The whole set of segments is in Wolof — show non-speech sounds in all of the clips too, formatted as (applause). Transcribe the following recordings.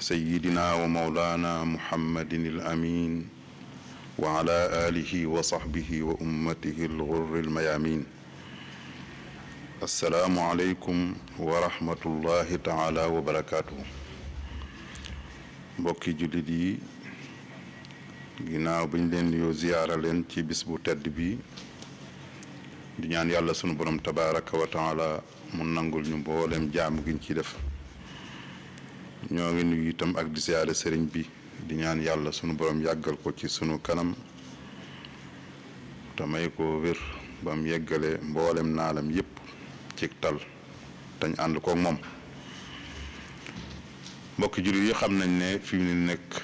سيدنا ومولانا محمد الأمين وعلى آله وصحبه وأمته الغر الميامين السلام عليكم ورحمة الله تعالى وبركاته mbokki jullit yi ginnaaw bi ñu leen yoo ziyaara leen ci bis bu tedd bi di ñaan yàlla sunu borom tabaraka wa taala mu nangul ñu mboolem jaam giñ ci def ñoo ngi nuyu ak di siyaare sëriñ bi di ñaan yàlla sunu borom yàggal ko ci sunu kanam te may ko wér bam mu yeggale mboolem naalam yépp ci tal tañ ànd koog moom mbokki jullit yi xam nañ ne fi nekk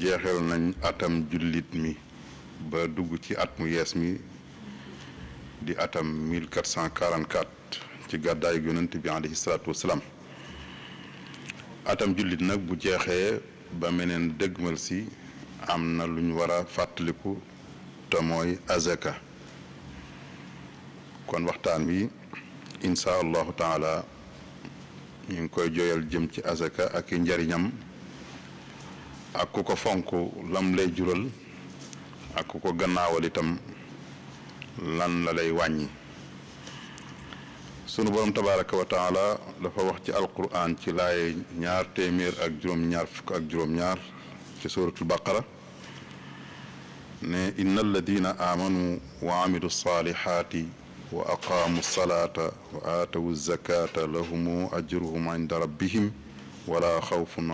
jeexal nañ atam jullit mi ba dugg ci at mu yees mi di atam 1444 ci gàddaayu yonent bi alayhi salaatu wasalaam atam jullit nag bu jeexee ba meneen dëgmal si am na lu ñu war a fàttaliku te mooy azaka kon waxtaan wi insha allahu taala ñu ngi koy joyal jëm ci azaka ak i njariñam ak ku ko fonk lam lay jural ak ku ko gannaawal itam lan la lay wàññi sunu borom tabaraka wa taala dafa wax ci alquran ci laaye ñaar téeméer ak juróom-ñaar fukk ak juróom-ñaar ci suratul baqara ne inna alladina amanu wa amilu salihaati wa aqaamu salaata wa aatawu zakata lahumu ajruhum inda rabbihim wala xawfun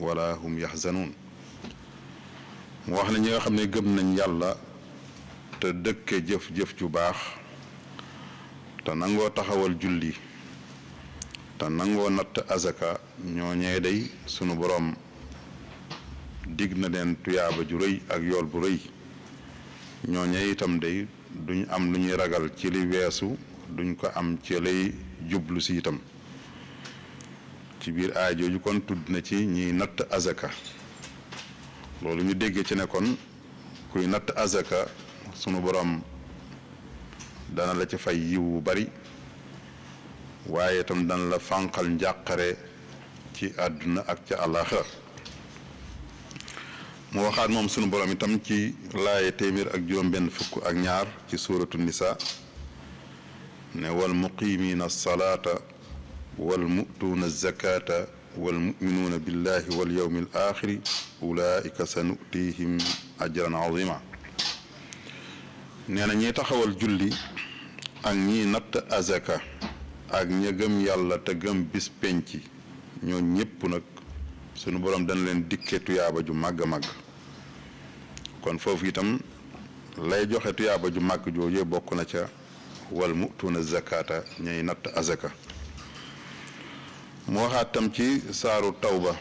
wala hum yaxzanuun wax ne ñi nga xam ne gëm nañ yàlla te dëkke jëf-jëf ju baax te nangoo taxawal julli te nangoo natt azaka ñooñee day sunu boroom dig na leen tuyaaba ju rëy ak yool bu rëy ñooñee itam day duñ am lu ñuy ragal ci li weesu duñ ko am ci lay jublu si itam ci biir aay jooju kon tudd na ci ñiy natt azaka loolu ñu dégg ci ne kon kuy natt azaka sunu boroom dana la ci fay yiw wu bari waaye tam dana la fànqal njàqare ci àdduna ak ca àllaaxira mu waxaat moom sunu borom tam ci laaye téeméer ak juróom fukk ak ñaar ci suuratu nisa ne wal muqiimiina salaata wal mu'tuuna zakaata wal mu'minuuna billahi wal yawmil aaxiri ulaa'ika sa nu'tiihim ajran azima nee na ñiy taxawal julli ak ñiy natt azaka ak ña gëm yàlla te gëm bis penc ñoo ñépp nag sunu borom dana leen dikke tuyaaba ju màgg a màgg kon foofu itam lay joxe tuyaaba ju màgg jooju bokk na ca wal mutuuna zakata ñay natt azaka mu waxaat ci saaru tawba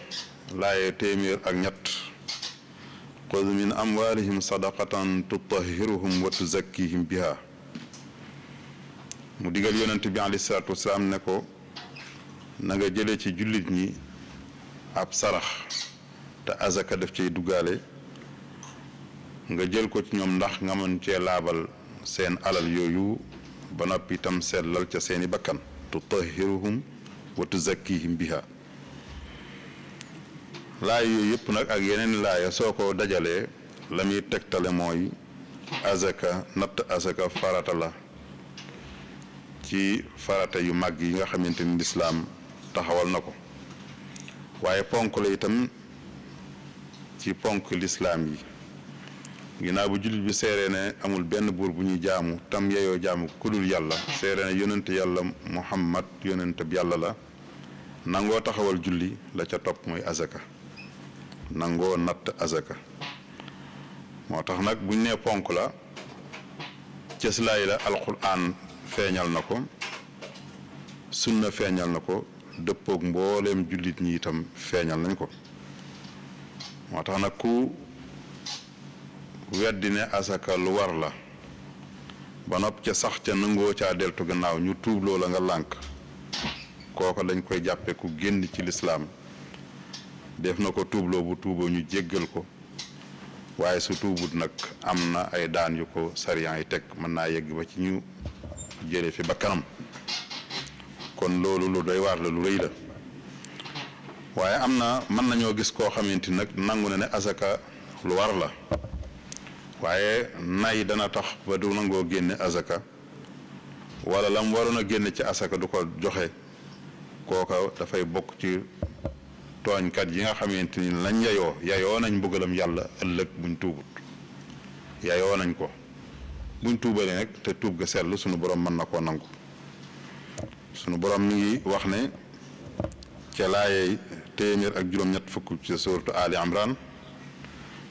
laaye téeméer ak ñett xuz min amwalihim sadaqatan tutahhiruhum wa tuzakkihim biha mu digal yonent bi alayhi salaatu wasalaam ne ko na nga jëlee ci jullit ñi ab sarax te azaka def ciy duggaale nga jël ko ci ñoom ndax nga mën cee laabal seen alal yooyu ba noppi itam seetlal ca seeni bakkan tutahiruhum wa tuzakkihim biha laay yooyu yëpp nag ak yeneen laaya soo ko dajalee la muy tegtale mooy azaka natt azaka farata la ci farata yu mag yi nga xamante ni lislaam taxawal na ko waaye ponk la itam ci ponk lislaam yi ginnaaw bu jullit bi seeree ne amul benn buur bu ñuy jaamu tam yeyoo jaamu ku yàlla seeree ne yonent yàlla muhammad yonent bi yàlla la nangoo taxawal julli la ca topp muy azaka nangoo natt azaka moo tax nag buñ nee ponk la cëslaay la alquran feeñal na ko sunna feeñal na ko dëppook mboolem jullit ñi itam feeñal nañ ko moo tax nag ku weddi asaka lu war la ba nopp ca sax ca nangoo caa deltu gannaaw ñu tuub la nga lànk kooko dañ koy jàppe ku génn ci lislaam def na ko tuubloo bu tuuboo ñu jéggal ko waaye su tuubut nag am na ay daan yu ko sariyan yi teg mën naa yegg ba ci ñu jële fi bakkanam kon loolu lu doy waar la lu rëy la waaye am na mën nañoo gis koo xamante nag nangu na ne azaka lu war la waaye nay dana tax ba du nangoo génne azaka walla lam waroon a génne ci azaka du ko joxe kooka dafay bokk ci tooñkat yi nga xamante ni lañ yayoo yayoo nañ mbugalam yàlla ëllëg buñ tuubut yayoo nañ ko buñ tuubalee nag te tuub ga sell sunu borom mën na koo nangu sunu borom mi ngi wax ne ca laayey téeméer ak juróom-ñett fukk ci suuratu Ali Imran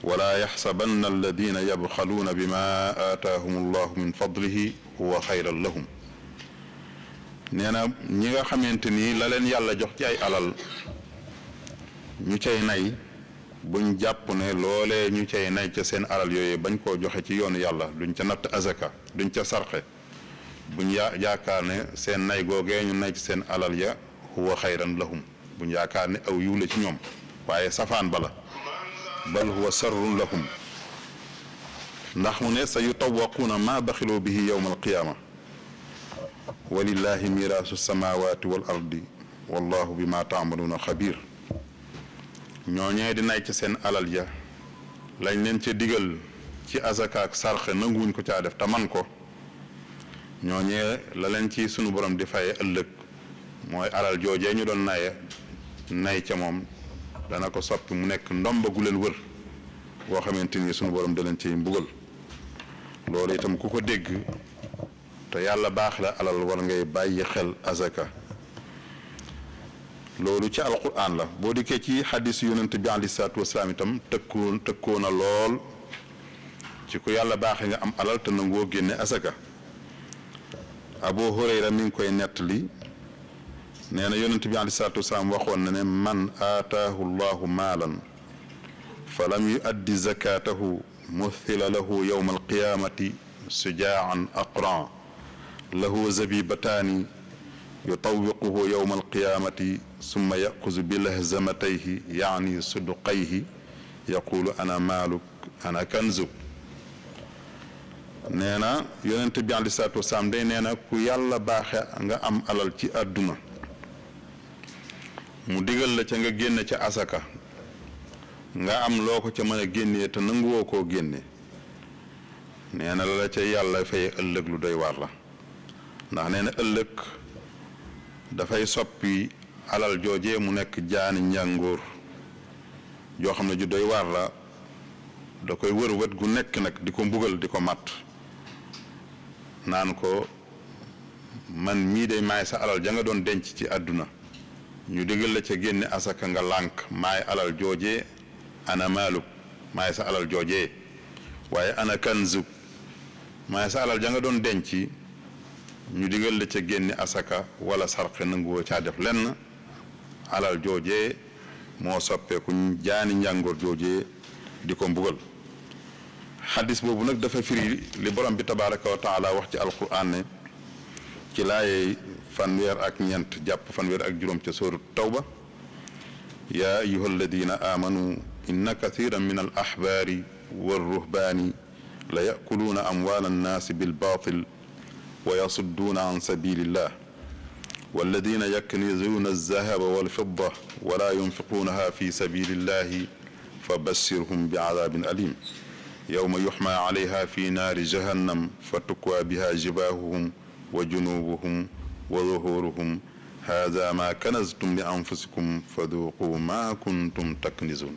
wala yaxsabanna alladina yabxaluuna bima aataahum allahu min lahum nee ñi nga xamante ni la leen yàlla jox ci ay alal ñu cay nay buñ jàpp ne loolee ñu cay nay ca seen alal yooyu bañ koo joxe ci yoonu yàlla duñ ca natt azaka duñ ca sarxe buñ yaa yaakaar ne seen nay googee ñu nay ci seen alal ya huwa xayran lahum buñ yaakaar ne aw yiw ci ñoom waaye safaan bala bal huwa sarrun lahum ndax mu ne sa yutawaquuna ma baxiloo bihi yowma alqiyaama walillahi miraasu samaawaati wal ardi wallahu bi ma taamaluuna xabir ñooñee di nay ci seen alal ja lañ leen ca digal ci asaka ak sarxe nanguwuñ ko caa def te man ko ñooñee la leen ci sunu borom di faye ëllëg mooy alal joojee ñu doon naye nay ca moom dana ko soppi mu nekk ndomba gu leen wër boo xamante ni sunu borom da leen ciy mbugal loolu itam ku ko dégg te yàlla baax la alal war ngay bàyyi xel asaka loolu ci alquran la boo dikkee ci xadis yonent bi aleyhi salaatu wasalaam itam na lool ci ku yàlla baaxee nga am alal te nangoo génne asaka abu hurayra mi ngi koy nettali nee na yonent bi aleyhi salaatu waxoon na ne man aataahu llahu maalan fa lam yuaddi zakatahu muthila lahu yowma alqiyamati sujaan aqran lahu zabibataani yutawiquhu yowma alqiyaamati summa yaxusu bi lahzamatayhi yaani suduqayhi yaqulu ana maaluk ana kanzuk nee na yonent bi alei salatu day nee na ku yàlla baaxe nga am alal ci àdduna mu digal la ci nga génn ca asaka nga am loo ko ca mën a génnee te nanguwoo koo génne nee na la ca yàlla fay ëllëg lu doy waar ndax nee ëllëg dafay soppi alal jooje mu nekk jaani njàngoor joo xam ne ju doy waar la da koy wër wët gu nekk nag di ko mbugal di ko mat naan ko man mii de maay sa alal ja nga doon denc ci àdduna ñu digal la ca génne asaka nga lànk maay alal jooje ana maaluk maay sa alal jooje waaye ana kanzuk maay sa alal ja nga doon denc ñu digal la ca génne asaka wala sarxe nanguwoo caa def lenn alal joojee moo soppeeku jaani njàngoor jooje di ko mbugal xadis boobu nag dafa firi li borom bi tabaraka wa taala wax ci alquran ne ci laayey fanweer ak ñeent jàpp ak juróom ca sóoru tawba yaa ayuha alladina amanu inna kathiran min al ahbaari ruhbaani la yakuluuna amwaala annaasi bil baatil wa yasudduuna an sabilillah walladina yaknizuuna alzahaba walfidda wala yunfiquunaha fi sabilillahi fabashirhum biadaabin alim yowma yuxma alayha fi naari jahannam fa tukwaa biha jibaahuhum wa junuubuhum wa zuhuuruhum haada maa kanaztum li anfusikum fa duuquu maa kuntum taknizuun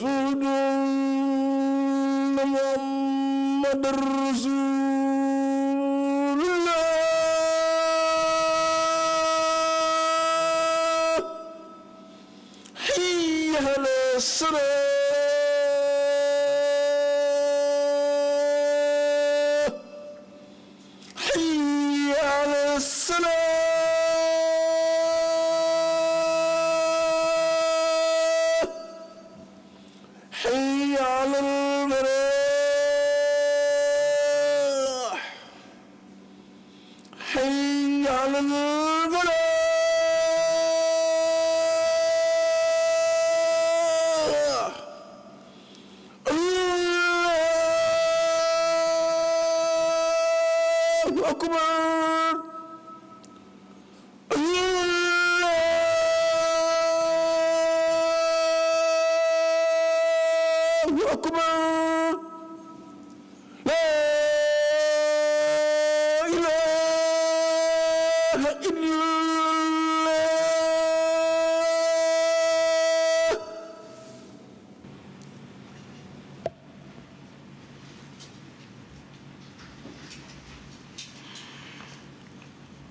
رسول محمد رسول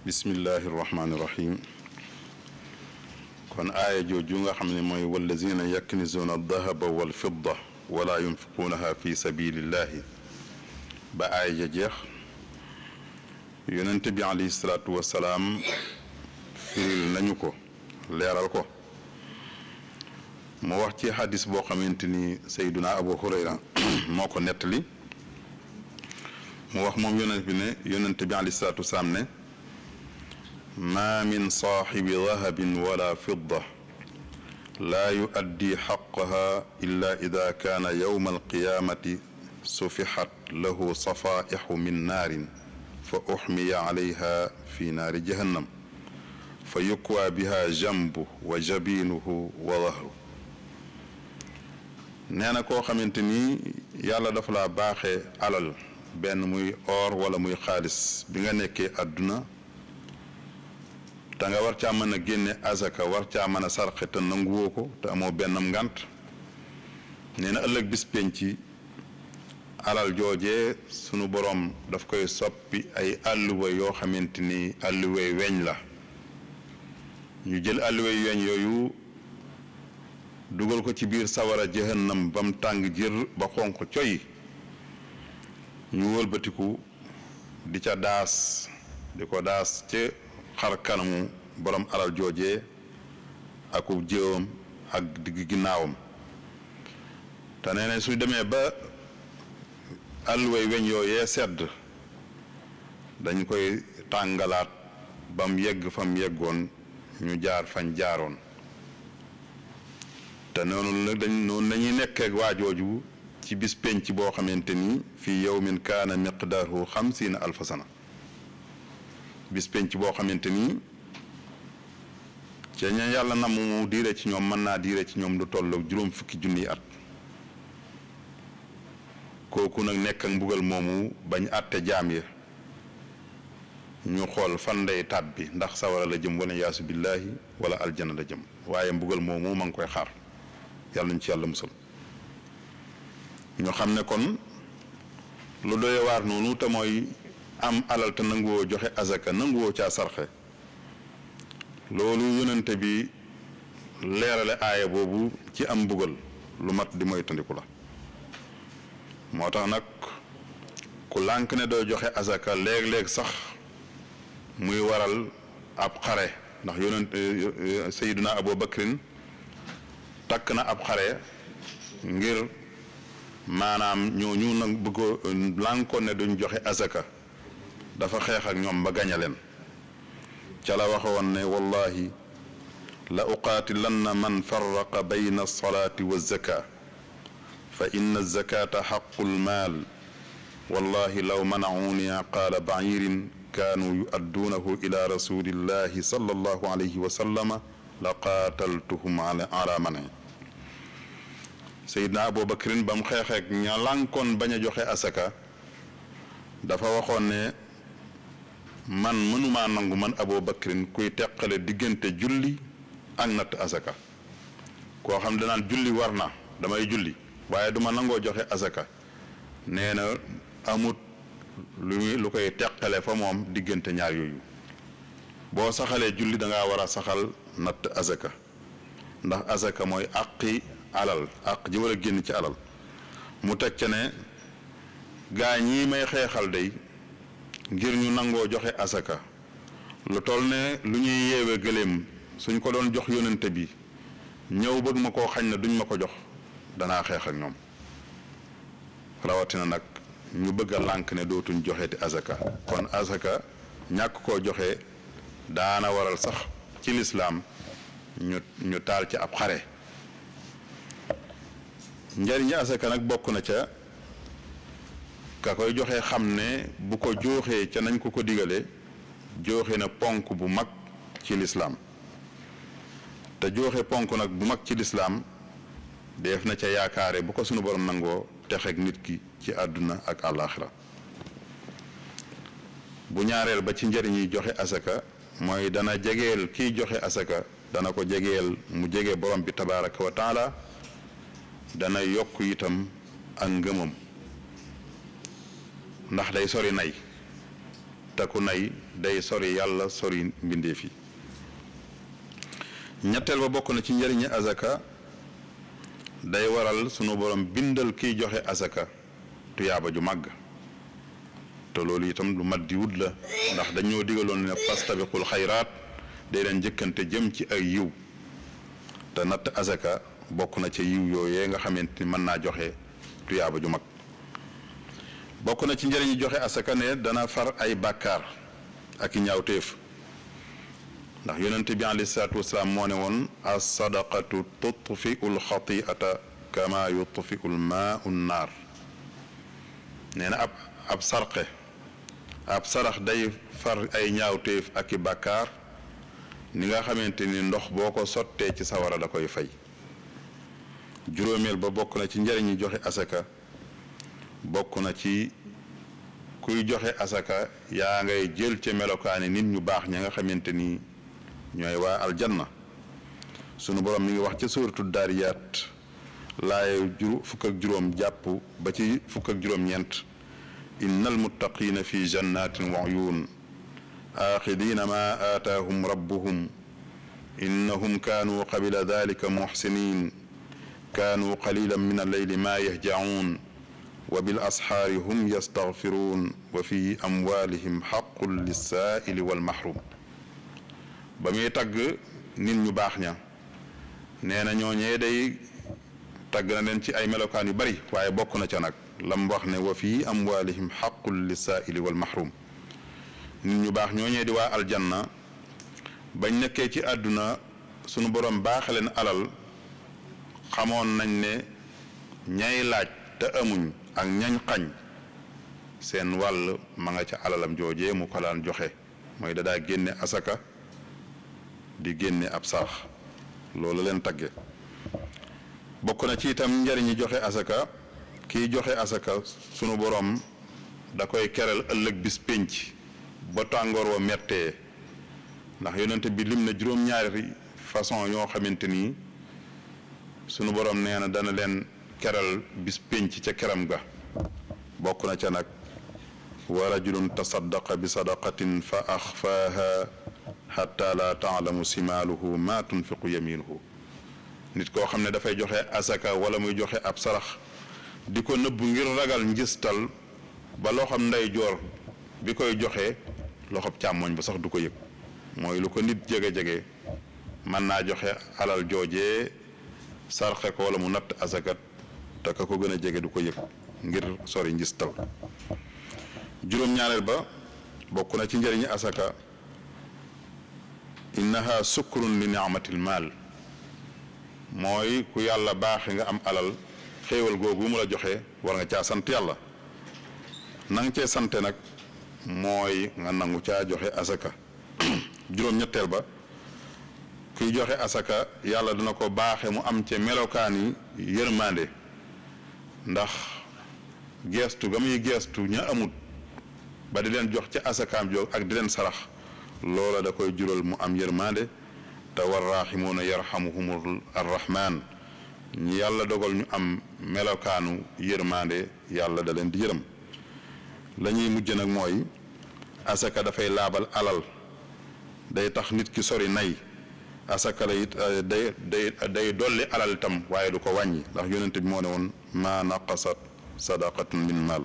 bismillahi irrahmaani irrahim kon aaya jooju nga xam ni mooy wallazina yaknizuuna aldahaba walfidda wala yunfiquunaha fi sabilillahi ba aaya ja jeex yonent bi alayhi salaatu wasalaam firil nañu ko leeral ko moo wax ci xadis boo xamante ni sayduna abu hurayra (clears throat) moo ko wax moom yonent bi ne yonent bi ne maa min saaxibi dahabin wala fidda laa yuaddi xaqaha illa ida kaana yowma alqiyaamati sufixat lahu safaixu min naarin fa uxmiya calayha fi naari jahannam fa yukwaa biha jambu wa jabiinuhu wa dahru nee na koo xamante ni yàlla dafa laa baaxee alal benn muy or wala muy xaalis bi nga nekkee àdduna te war caa mën a génne azaka war caa mën a sarxe te ko te amoo benn ngant nee na ëllëg bis alal joojee sunu boroom daf koy soppi ay àlluwa yoo xamante ni àlluway weñ la ñu jël àlluway weñ yooyu dugal ko ci biir sawara jahannam ba mu tàng jër ba xonq coy ñu wëlbatiku di ca daas di ko daas ca xar kanamu borom alal joojee akub jéewam ak digg ginnaawam te nee na su demee ba alluway weñ yooyee sedd dañ koy tàngalaat bam yegg fam yeggoon ñu jaar fañ jaaroon te noonu nag dañ noonu lañuy nekk waajooju ci bis penc boo xamante ni fii yow min kaana miqdaaruhu xamsiina alfa alfasana bis penc boo xamante ni ca ña yàlla na mu diire ci ñoom mën naa diire ci ñoom lu tolloog juróom fukki junniy at kooku nag nekk ak mbugal moomu bañ àtte jaam ya ñu xool fan lay bi ndax sawara la jëm wala yaasu billaahi wala aljana la jëm waaye mbugal moomu ma ngi koy xaar yàlla ñu ci yàlla musal ñu xam ne kon lu doy waar noonu te mooy am alal te nanguwoo joxe azaka nanguwoo caa sarxe loolu yonente bi leerale aaya boobu ci am mbugal lu mat di moytandiku la moo tax nag ku lànk ne doo joxe azaka léeg-léeg sax muy waral ab xare ndax yonent sayiduna abou bakrin takk na ab xare ngir maanaam ñoo ñu nag bëgg lànkoon ne duñ joxe azaka dafa xeex ak ñoom ba gañe leen ca la waxoon ne wallahi la uqaatilanna man farraqa bayna alsalaati wa zaka fa inna alzakata xaqu almaal wallahi law manacuuni qaala baciirin kaanuu yuadduunahu ila rasulillahi sallallahu alayhi wa sallama la qaataltuhum ala mane seydna abubakrin ba mu xeexeek ña lànkoon bañ a joxe asaka dafa waxoon ne man mënuma nangu man aboo bakrin kuy teqale diggante julli ak natt asaka koo xam danaan julli war na damay julli waaye duma nangoo joxe asaka nee na amut lu lu koy teqale fa moom diggante ñaar yooyu boo saxalee julli dangaa war a saxal natt asaka ndax asaka mooy àqi alal àq ji war a génn ci alal mu teg ca ne gaa ñii may xeexal day ngir ñu nangoo joxe asaka lu toll ne lu ñuy yeewe gëléem suñ ko doon jox yónnante bi ñëw bëgg ma koo xañ na duñ ma ko jox danaa xeex ak ñoom rawatina nag ñu bëgg a lànk ne dootuñ joxeeti asaka kon asaka ñàkk koo joxe daana waral sax ci lislaam ñu ñu taal ci ab xare njariñi asaka nag bokk na ca ka koy joxe xam ne bu ko jooxee ca nañ ko ko digale jooxe na ponk bu mag ci lislaam te jooxe ponk nag bu mag ci lislaam def na ca yaakaare bu ko sunu borom nangoo texeeg nit ki ci àdduna ak àllaaxira bu ñaareel ba ci njëriñ yi joxe asaka mooy dana jegeel kiy joxe asaka dana ko jegeel mu jege borom bi tabaraka wa taala dana yokk itam ak ngëmam ndax day sori nay te nay day sori yàlla sori mbindeef fi ñetteel ba bokk na ci njëriñi azaka day waral sunu borom bindal kiy joxe azaka tuyaaba ju màgg te loolu itam lu mat di wut la ndax dañoo digaloon ne fastabiqul xayraat day leen njëkkante jëm ci ay yiw te natt azaka bokk na ca yiw yooyee nga xamante ni mën naa joxe tuyaaba ju mag bokk na ci njëriñu joxe asaka ne dana far ay bàkkaar ak i ñaawteef ndax yonent bi aleyhi salaatu wasalaam moo ne woon as-sadaqatu tutfiu lxatiata kama yutfiu lmaau nnaar nee na ab ab sarxe ab sarax day far ay ñaawteef ak i bàkkaar ni nga xamante ni ndox boo ko sottee ci sawara da koy fay juróomeel ba bokk na ci njëriñu joxe asaka bokk na ci kuy joxe asaka yaa ngay jël ci melokaani nit ñu baax ña nga xamante ni ñooy waa aljanna sunu borom mi ngi wax ci suuratu daariyaat laaya jur fukk ak juróom jàpp ba ci fukk ak juróom-ñeent innal muttaqiina fi jannatin wa uyun aaxidiina ma aataahum rabbuhum innahum kaanuu qabila dalika muxsinin kaanuu qalilan min alleyli ma yahjacuun wa bil asxaari hum yastaxfiruun wa fi amwaalihim xaqun lissaa'ili wal mahrum ba muy tagg nit ñu baax ña nee na ñooñee day tagg na leen ci ay melokaan yu bari waaye bokk na ca nag lam wax ne wa fi amwaalihim xaqun lissaa'ili wal mahrum nit ñu baax ñoo ñooñee di waa aljanna bañ nekkee ci àdduna sunu borom baax leen alal xamoon nañ ne ñay laaj te amuñ ak ñañ xañ seen wàll ma nga ca alalam jooje mu ko daan joxe mooy da génne asaka di génne ab sax loolu leen tagge bokk na ci itam njariñi joxe asaka kiy joxe asaka sunu boroom da koy keral ëllëg bis pénc ba tàngoor wa mettee ndax yonent bi lim na juróom-ñaari façon yoo xamante nii sunu boroom nee na dana leen keral bis pénc ca keram ga bokk na ca nag wa rajulun tasaddaqa bi sadaqatin fa axfaaha xatta la taalamu simaaluhu ma tunfiqu yaminuhu nit koo xam ne dafay joxe asaka wala muy joxe ab sarax di ko nëbb ngir ragal njistal ba loxob ndeyjoor bi koy joxe loxob càmmoñ ba sax du ko yëg mooy lu ko nit jege-jege mën naa joxe alal jooje sarxe ko wala mu natt asakat te ko gën a jege du ko yëg ngir sori njistal juróom-ñaareel ba bokk na ci njëriñu asaka innaha sukrun li ni'matil maal mooy ku yàlla baaxe nga am alal xéewal googu mu la joxe war nga caa sant yàlla na nga cee sante nag mooy nga nangu caa joxe asaka (clears throat) juróom-ñetteel ba kuy joxe asaka yàlla dina ko baaxe mu am ca melokaan yi yërmande ndax geestu ga muy geestu ña amut ba di leen jox ca asakaam joog ak di leen sarax loola da koy jural mu am yërmaande te yar xamu yarhamuhumul arrahman ñi yàlla dogal ñu am melokaanu yërmaande yàlla da leen di yërëm lañuy mujj nag mooy asaka dafay laabal alal day tax nit ki sori nay asaka la it euh, day day day dolli alal tam waaye du ko wàññi ndax yonent bi moo ne woon maa naqasat sadaqatun min maal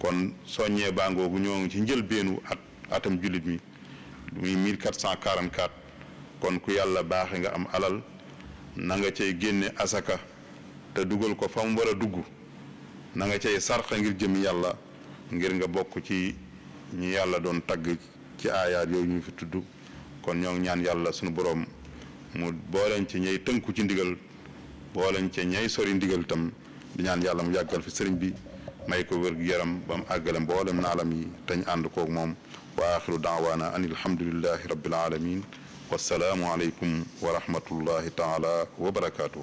kon soññee baangoogu ñoo ngi ci njëlbeenu at atam jullit mi cent muy 1444 kon ku yàlla baaxe nga am alal na nga cay génne asaka te dugal ko fa mu a dugg na nga cay sarxa ngir jëm yàlla ngir nga bokk ci ñu yàlla doon tagg ci aayaat yooyu ñu fi tudd kon ñoo ngi ñaan yàlla sunu boroom mu booleen ci ñay tënku ci ndigal booleen ci ñay sori ndigal tam di ñaan yàlla mu yàggal fi sëriñ bi may ko wér gu yaram ba mu àggale mboolem naalam yi te ñu ànd koog moom wa axiru daawaana an alhamdulillahi rabbil alamin wasalaamu aleykum wa rahmatullahi taala wa barakaatu.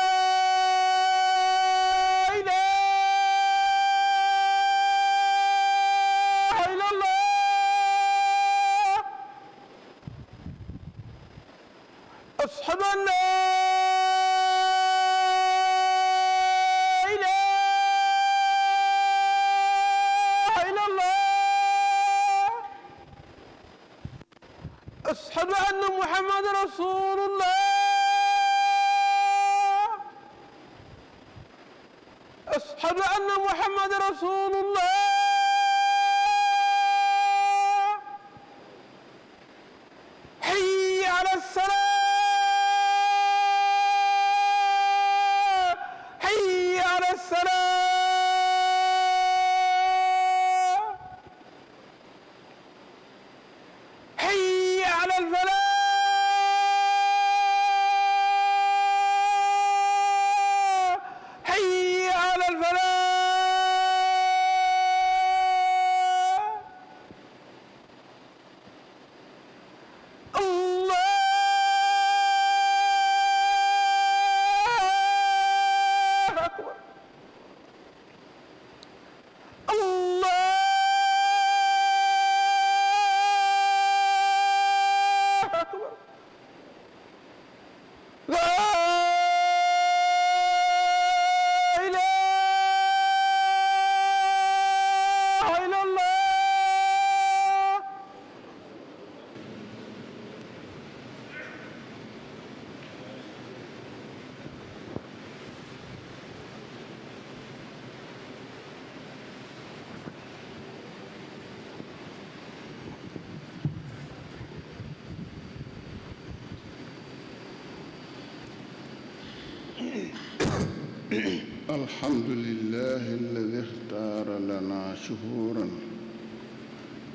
الحمد لله الذي اختار لنا شهورا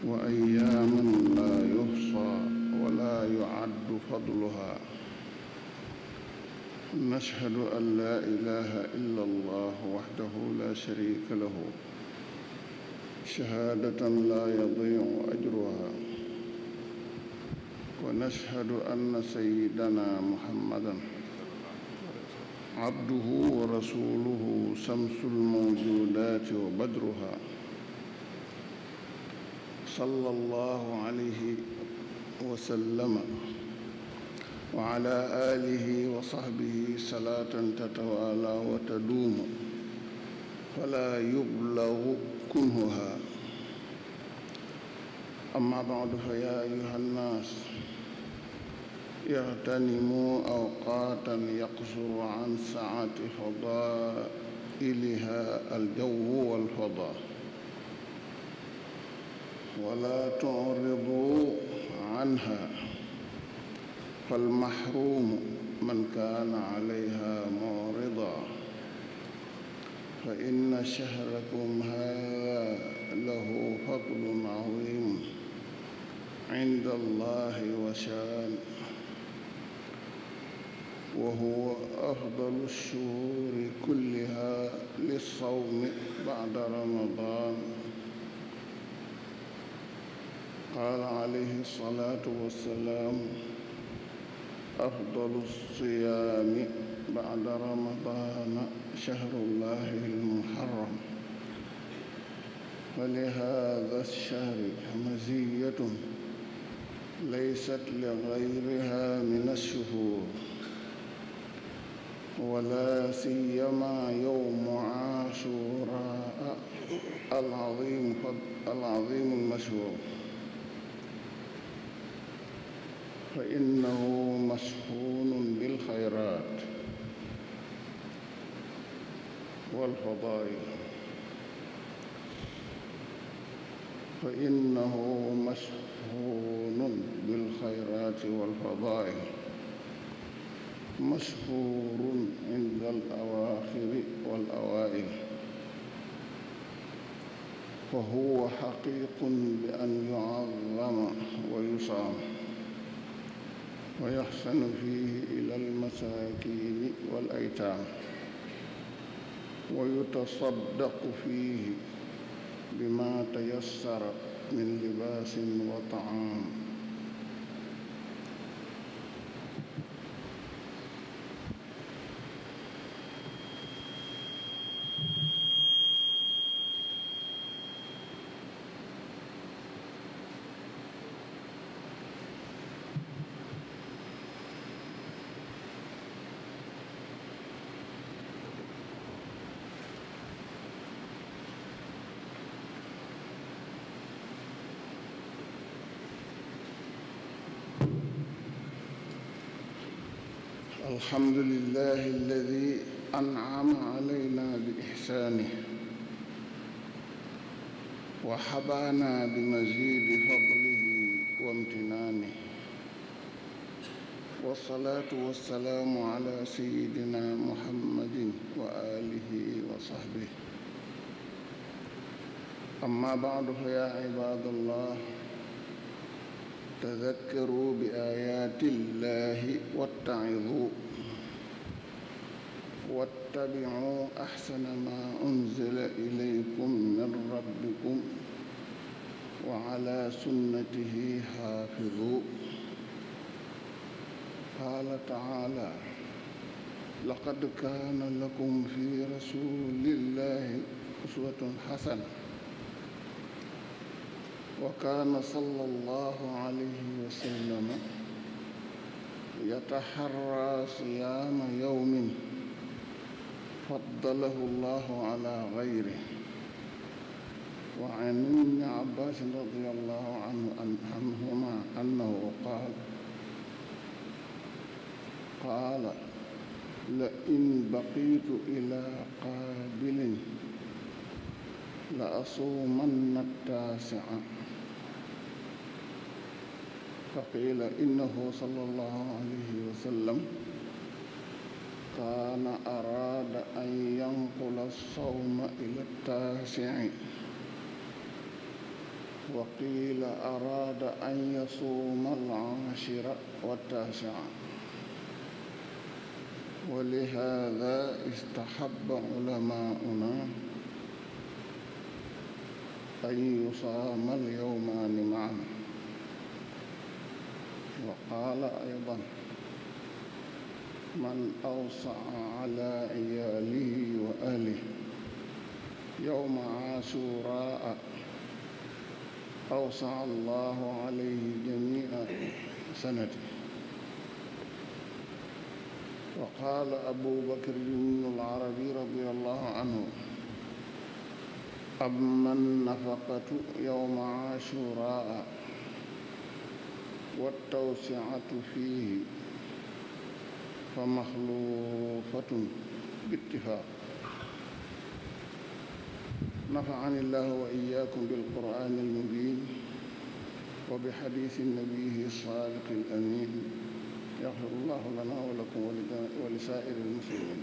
وأياما لا يحصى ولا يعد فضلها نشهد أن لا إله إلا الله وحده لا شريك له شهادة لا يضيع أجرها ونشهد أن سيدنا محمدًا عبده ورسوله شمس الموجودات وبدرها صلى الله عليه وسلم وعلى آله وصحبه صلاة تتوالى وتدوم فلا يبلغ كنهها أما بعد فيا أيها الناس يغتنموا أوقاتا يقصر عن سعة فضائلها الجو والفضاء ولا تعرضوا عنها فالمحروم من كان عليها معرضا فإن شهركم هذا له فضل عظيم عند الله وشان وهو أفضل الشهور كلها للصوم بعد رمضان قال عليه الصلاة والسلام أفضل الصيام بعد رمضان شهر الله المحرم فلهذا الشهر مزية ليست لغيرها من الشهور ولا سيما يوم عاشوراء العظيم العظيم المشهور فإنه مشحون بالخيرات والفضائل فإنه مشحون بالخيرات والفضائل mashhuurun inda al awaaxiri wal awaa'il fa huwa xaqiiqun bi an yucazama wa yusaam wa yaxsanu fiihi ila almasaakiini wal aytaam wa yutasaddaqu fiihi bimaa tayassara min libaasin wa tacaam الحمد لله الذي أنعم علينا بإحسانه وحبانا بمزيد فضله وامتنانه والصلاة والسلام على سيدنا محمد وآله وصحبه أما بعد فيا عباد الله tadakkaru bi ayaati llahi wattaidu wattabicu axsana maa unzila ilaykum min rabbikum wa cala sunnatihi xaafidu qaala tacaala laqad kaana lakum fi rasulillahi uswatun xasana wa kaana sallallahu alayhi wa sallam yataharraa siyaama yawmin faddalahu llahu ala gayrihi وعن ابن عباس رضي الله عنه عنهما أنه قال قال لئن بقيت إلى قابل لأصومن التاسع فقيل إنه صلى الله عليه وسلم كان أراد أن ينقل الصوم إلى التاسع وقيل أراد أن يصوم العاشر والتاسع ولهذا استحب علماؤنا أن يصام اليومان معا وقال أيضا من أوصى على عياله وأهله يوم عاشوراء أوصى الله عليه جميع سنته وقال أبو بكر بن العربي رضي الله عنه أما النفقة يوم عاشوراء والتوسعة فيه فمخلوفة باتفاق نفعني الله وإياكم بالقرآن المبين وبحديث النبي الصادق الأمين يغفر الله لنا ولكم ولسائر المسلمين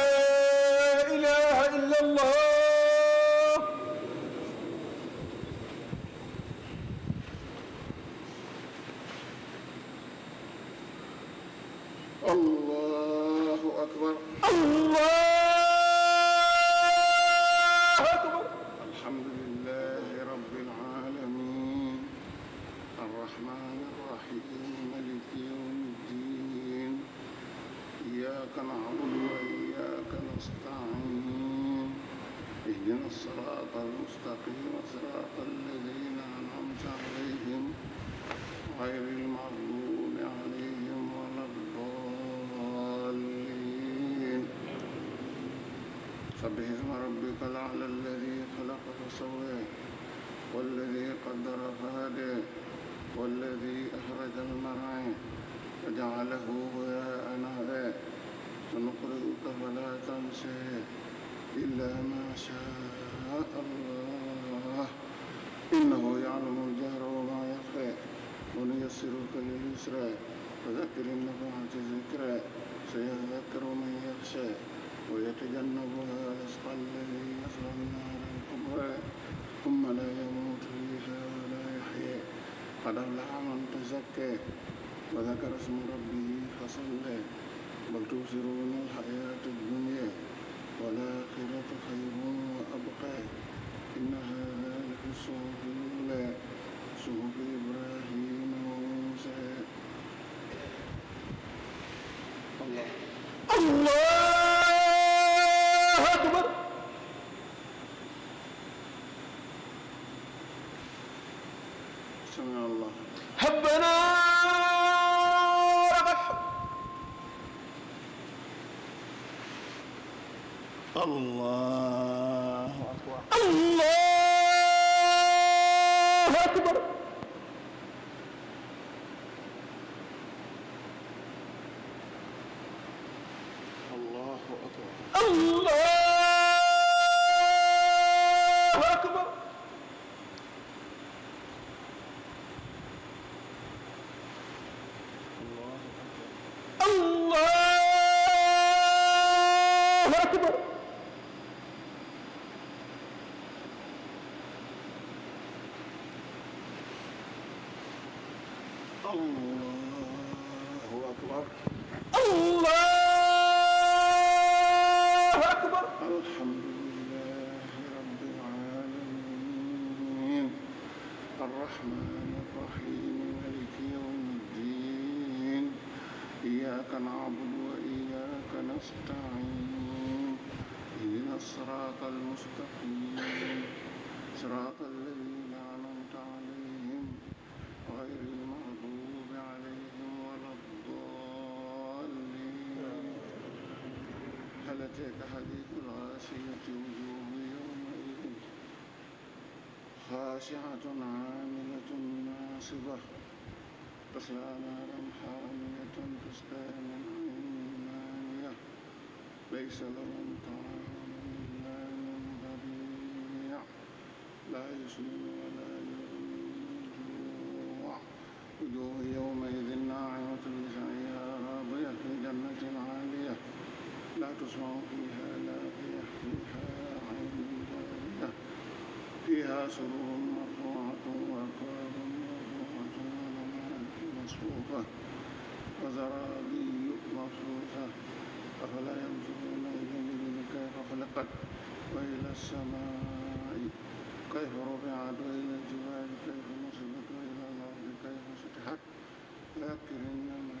سبح اسم ربك الأعلى الذي خلق فسوى والذي قدر فهدى والذي أخرج المرعى فجعله غياء نهدى سنقرئك فلا تنسى إلا ما شاء الله إنه يعلم الجهر وما يخفى ونيسرك لليسرى فذكر النفعة ذكرى سيذكر من يخشى ويتجنبها الأشقى الذي يصلى النار الكبرى ثم لا يموت فيها ولا يحيى قد أفلح من تزكى وذكر اسم ربه فصلى بل تبصرون الحياة الدنيا والآخرة خير وأبقى إن هذا لفي الصحف الأولى صحف إبراهيم وموسى الله الله الله هل أتاك حديث الغاشية وجوه يومئذ خاشعة عاملة ناصبة تصلى نارا حامية تسقى من عين نانية ليس لهم طعام إلا من ضريع لا يسمن ولا يغني وجوه يومئذ ناعمة لسعيها راضية في جنة عامية لا تسمع فيها لاغية فيها عين جارية فيها سرور مرفوعة وأكواب مرفوعة ونمارق مصفوفة وزرابي مصفوفة أفلا ينظرون إلى الإبل كيف خلقت وإلى السماء كيف رفعت وإلى الجبال كيف نصبت وإلى الأرض كيف سطحت فذكر إنما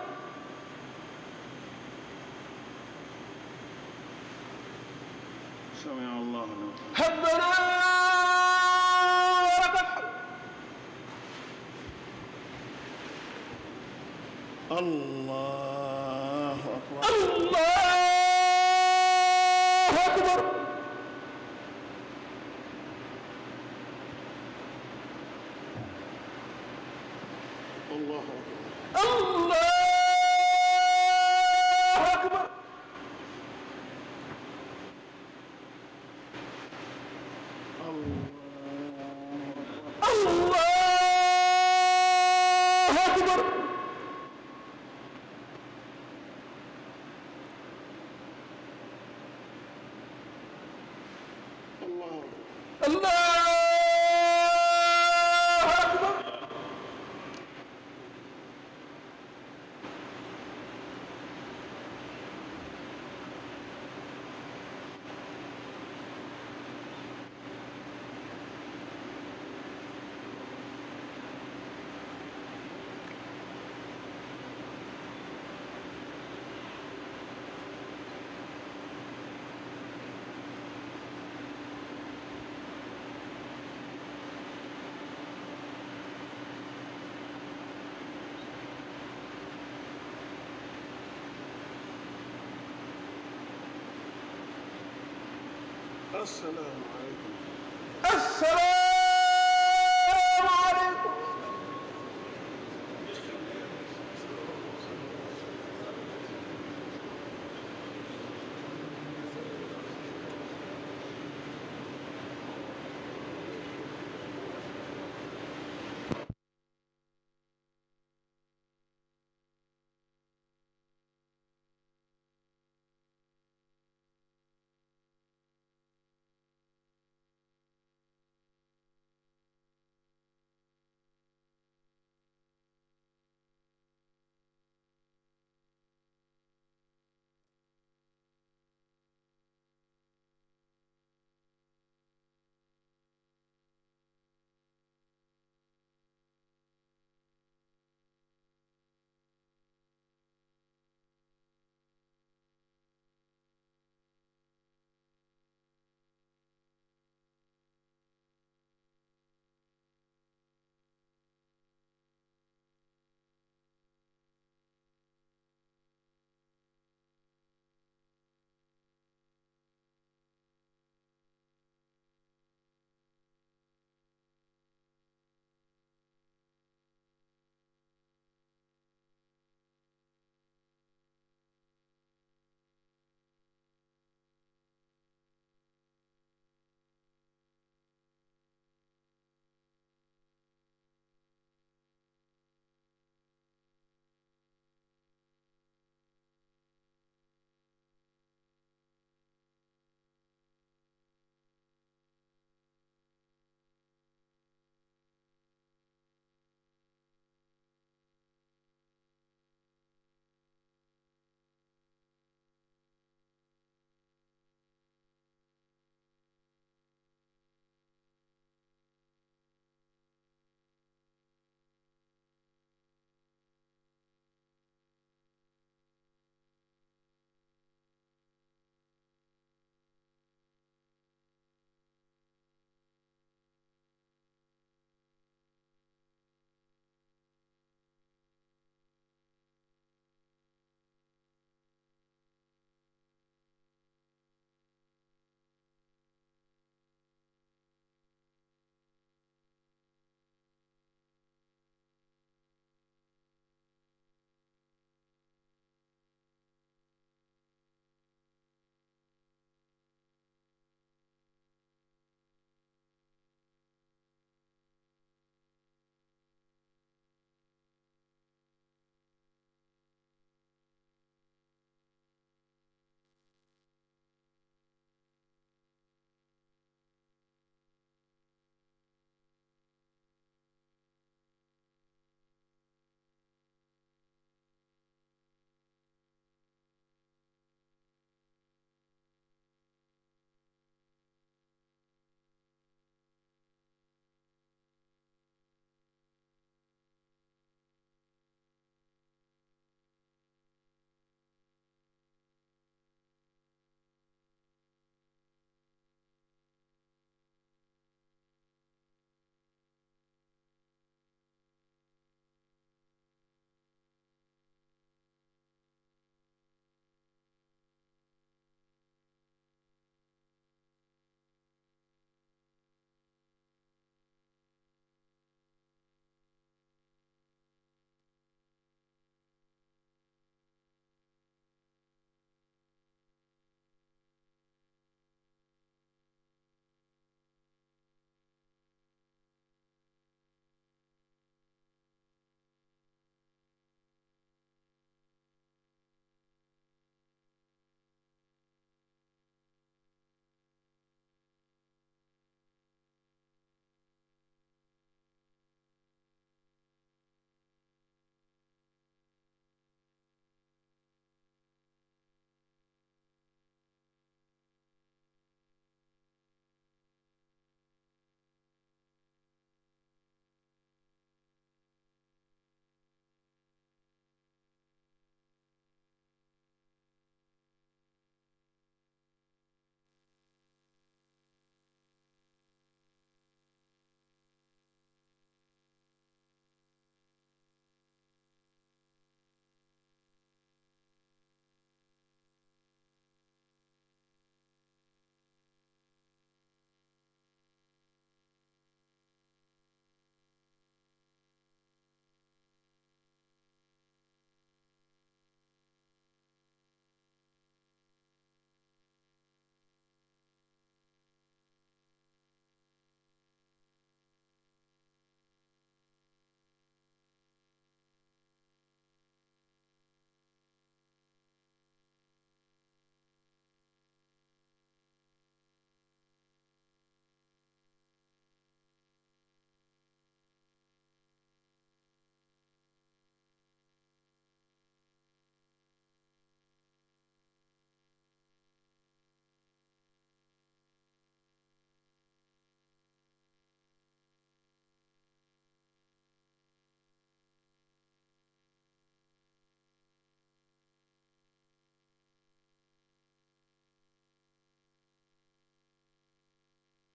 الله أكبر الله أكبر السلام